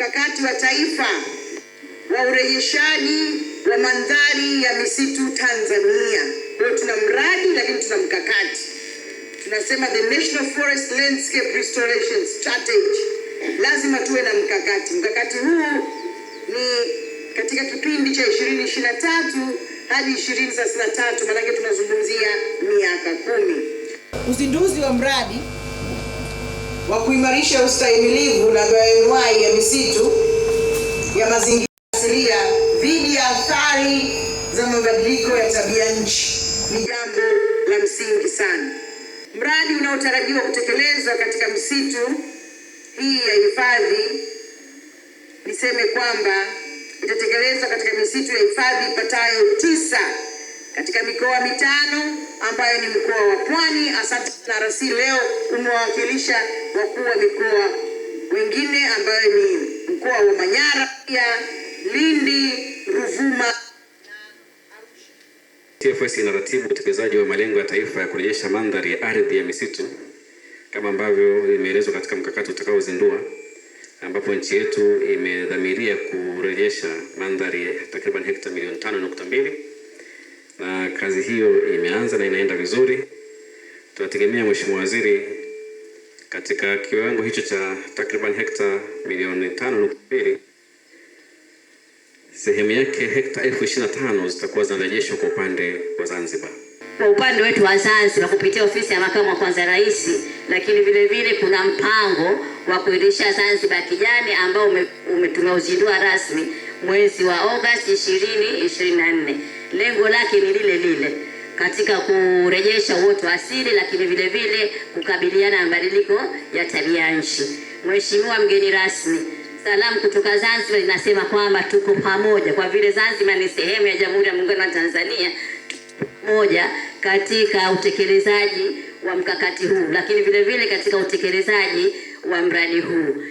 Mkakati wa taifa wa urejeshaji wa mandhari ya misitu Tanzania. Kwa tuna mradi lakini tuna mkakati, tunasema the National Forest Landscape Restoration Strategy. Lazima tuwe na mkakati. Mkakati huu ni katika kipindi cha 2023 hadi 2033, maanake tunazungumzia miaka kumi. Uzinduzi wa mradi wa kuimarisha ustahimilivu na bayoanuai ya misitu ya mazingira asilia dhidi ya athari za mabadiliko ya tabia nchi ni jambo la msingi sana. Mradi unaotarajiwa kutekelezwa katika misitu hii ya hifadhi, niseme kwamba itatekelezwa katika misitu ya hifadhi ipatayo tisa katika mikoa mitano ambayo ni mkoa wa Pwani. Asante sana RC, leo umewakilisha wakuu wa mikoa wengine ambayo ni mkoa wa Manyara, pia Lindi, Ruvuma. TFS inaratibu utekelezaji wa malengo ya taifa ya kurejesha mandhari ya ardhi ya misitu kama ambavyo imeelezwa katika mkakati utakaozindua ambapo nchi yetu imedhamiria kurejesha mandhari ya takriban hekta milioni tano nukta mbili na kazi hiyo imeanza na inaenda vizuri. Tunategemea Mheshimiwa Waziri, katika kiwango hicho cha takriban hekta milioni tano nukta mbili sehemu yake hekta elfu ishirini na tano zitakuwa zinarejeshwa kwa upande wa Zanzibar, kwa upande wetu wa Zanzibar kupitia ofisi ya makamu wa kwanza rais, lakini vile vile kuna mpango wa kuirisha Zanzibar kijani ambao tumeuzindua rasmi mwezi wa Agosti 2024 lengo lake ni lile lile katika kurejesha uoto wa asili, lakini vile vile kukabiliana na mabadiliko ya tabia nchi. Mheshimiwa mgeni rasmi, salamu kutoka Zanzibar inasema kwamba tuko pamoja, kwa vile Zanzibar ni sehemu ya Jamhuri ya Muungano wa Tanzania moja katika utekelezaji wa mkakati huu, lakini vile vile katika utekelezaji wa mradi huu.